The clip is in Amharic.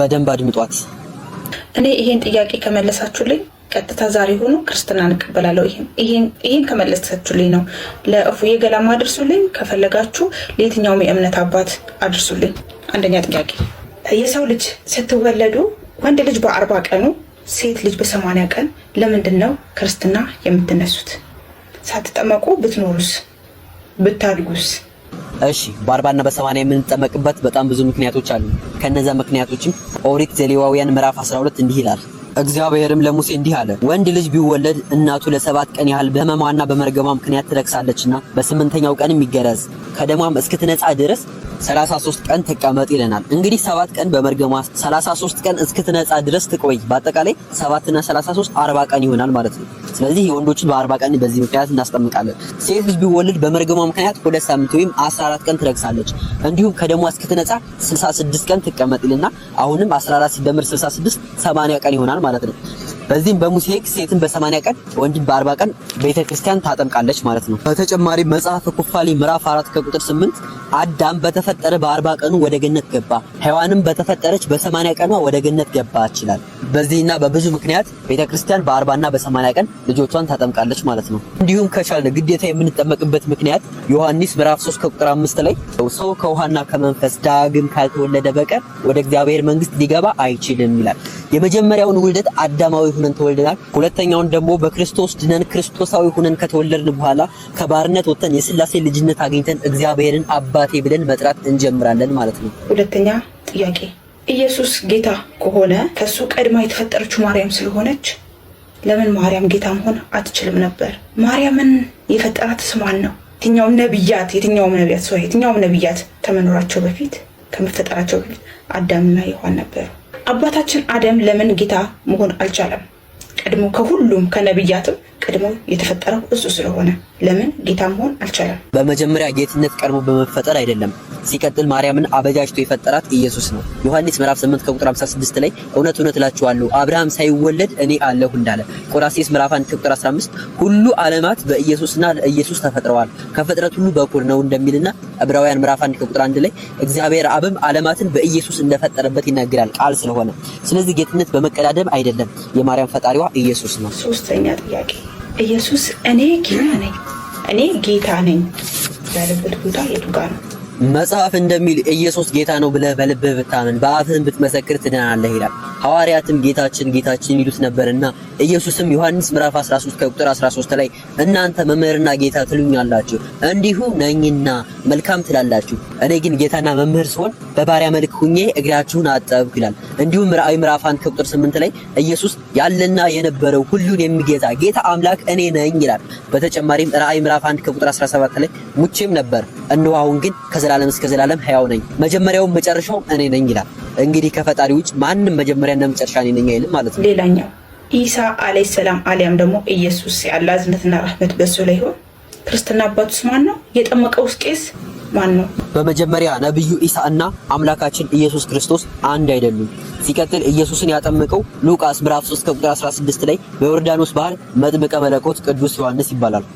በደንብ አድምጧት። እኔ ይሄን ጥያቄ ከመለሳችሁልኝ ቀጥታ ዛሬ ሆኖ ክርስትና እቀበላለሁ። ይህን ከመለሳችሁልኝ ነው ለእፉዬ ገላማ አድርሱልኝ፣ ከፈለጋችሁ ለየትኛውም የእምነት አባት አድርሱልኝ። አንደኛ ጥያቄ የሰው ልጅ ስትወለዱ ወንድ ልጅ በአርባ ቀኑ ሴት ልጅ በሰማንያ ቀን ለምንድን ነው ክርስትና የምትነሱት? ሳትጠመቁ ብትኖሩስ ብታድጉስ እሺ በአርባና በሰማንያ የምንጠመቅበት በጣም ብዙ ምክንያቶች አሉ። ከነዛ ምክንያቶችም ኦሪት ዘሌዋውያን ምዕራፍ 12 እንዲህ ይላል፣ እግዚአብሔርም ለሙሴ እንዲህ አለ፣ ወንድ ልጅ ቢወለድ እናቱ ለሰባት ቀን ያህል በሕመሟና በመርገሟ ምክንያት ትረክሳለችና በስምንተኛው ቀንም ይገረዝ፣ ከደሟም እስክትነጻ ድረስ 33 ቀን ትቀመጥ ይለናል። እንግዲህ ሰባት ቀን በመርገሟ 33 ቀን እስክትነጻ ድረስ ትቆይ። በአጠቃላይ 7 እና 33 40 ቀን ይሆናል ማለት ነው። ስለዚህ የወንዶችን በ40 ቀን በዚህ ምክንያት እናስጠምቃለን። ሴት ልጅ ቢወልድ በመርገሟ ምክንያት ሁለት ሳምንት ወይም 14 ቀን ትረግሳለች። እንዲሁም ከደሟ እስክትነጻ 66 ቀን ትቀመጥ ይልና አሁንም 14 ሲደምር 66 80 ቀን ይሆናል ማለት ነው። በዚህም በሙሴ ሕግ ሴትን ቀን ወንድን በአርባ ቀን ቀን ቤተክርስቲያን ታጠምቃለች ማለት ነው። በተጨማሪ መጽሐፍ ኩፋሌ ምዕራፍ አራት ከቁጥር ስምንት አዳም በተፈጠረ በአርባ ቀኑ ወደ ገነት ገባ፣ ሔዋንም በተፈጠረች በ ቀኗ ወደ ገነት ገባ ይችላል። በዚህና በብዙ ምክንያት ቤተክርስቲያን በአርባና በሰማንያ ቀን ልጆቿን ታጠምቃለች ማለት ነው። እንዲሁም ከቻልን ግዴታ የምንጠመቅበት ምክንያት ዮሐንስ ምዕራፍ 3 ከቁጥር 5 ላይ ሰው ከውሃና ከመንፈስ ዳግም ካልተወለደ በቀር ወደ እግዚአብሔር መንግስት ሊገባ አይችልም ይላል። የመጀመሪያውን ውልደት አዳማዊ ሁነን ተወልደናል። ሁለተኛውን ደግሞ በክርስቶስ ድነን ክርስቶሳዊ ሁነን ከተወለድን በኋላ ከባርነት ወጥተን የስላሴ ልጅነት አግኝተን እግዚአብሔርን አባቴ ብለን መጥራት እንጀምራለን ማለት ነው። ሁለተኛ ጥያቄ ኢየሱስ ጌታ ከሆነ ከሱ ቀድማ የተፈጠረችው ማርያም ስለሆነች ለምን ማርያም ጌታ መሆን አትችልም ነበር? ማርያምን የፈጠራት ስማን ነው። የትኛውም ነቢያት የትኛውም ነቢያት ሰው የትኛውም ነቢያት ከመኖራቸው በፊት ከመፈጠራቸው በፊት አዳምና ሔዋን ነበሩ። አባታችን አደም ለምን ጌታ መሆን አልቻለም? ቀድሞ ከሁሉም ከነብያትም ቀድሞ የተፈጠረው እሱ ስለሆነ ለምን ጌታ መሆን አልቻለም? በመጀመሪያ ጌትነት ቀድሞ በመፈጠር አይደለም። ሲቀጥል ማርያምን አበጃጅቶ የፈጠራት ኢየሱስ ነው። ዮሐንስ ምዕራፍ 8 ከቁጥር 56 ላይ እውነት እውነት እላችኋለሁ አብርሃም ሳይወለድ እኔ አለሁ እንዳለ፣ ቆላሴስ ምዕራፍ 1 ከቁጥር 15 ሁሉ ዓለማት በኢየሱስና ለኢየሱስ ተፈጥረዋል ከፍጥረት ሁሉ በኩር ነው እንደሚልና ዕብራውያን ምዕራፍ 1 ከቁጥር 1 ላይ እግዚአብሔር አብም ዓለማትን በኢየሱስ እንደፈጠረበት ይናገራል ቃል ስለሆነ። ስለዚህ ጌትነት በመቀዳደም አይደለም የማርያም ፈጣሪዋ ኢየሱስ ነው። ሶስተኛ ጥያቄ ኢየሱስ እኔ ጌታ ነኝ እኔ ጌታ ነኝ ያለበት ቦታ የቱ ጋር ነው? መጽሐፍ እንደሚል ኢየሱስ ጌታ ነው ብለህ በልብህ ብታምን በአፍህን ብትመሰክር ትድናለህ ይላል። ሐዋርያትም ጌታችን ጌታችን ይሉት ነበርና ኢየሱስም ዮሐንስ ምዕራፍ 13 ከቁጥር 13 ላይ እናንተ መምህርና ጌታ ትሉኛላችሁ እንዲሁ ነኝና መልካም ትላላችሁ፣ እኔ ግን ጌታና መምህር ስሆን በባሪያ መልክ ሁኜ እግራችሁን አጠብኩ ይላል። እንዲሁም ራእይ ምዕራፍ 1 ከቁጥር 8 ላይ ኢየሱስ ያለና የነበረው ሁሉን የሚገዛ ጌታ አምላክ እኔ ነኝ ይላል። በተጨማሪም ራእይ ምዕራፍ 1 ከቁጥር 17 ላይ ሙቼም ነበር፣ እነሆ አሁን ግን ከዘላለም እስከ ዘላለም ሕያው ነኝ፣ መጀመሪያውም መጨረሻውም እኔ ነኝ ይላል። እንግዲህ ከፈጣሪ ውጭ ማንም መጀመሪያ የመጀመሪያ እና መጨረሻ እኔ ነኝ አይልም ማለት ነው። ሌላኛው ኢሳ አለይሂ ሰላም አሊያም ደግሞ ኢየሱስ የአላህ እዝነትና ረህመት በሱ ላይ ይሆን? ክርስትና አባቱስ ማን ነው? የጠመቀውስ ቄስ ማን ነው? በመጀመሪያ ነብዩ ኢሳ እና አምላካችን ኢየሱስ ክርስቶስ አንድ አይደሉም። ሲቀጥል ኢየሱስን ያጠመቀው ሉቃስ ምዕራፍ 3 ከቁጥር 16 ላይ በዮርዳኖስ ባህር መጥምቀ መለኮት ቅዱስ ዮሐንስ ይባላል።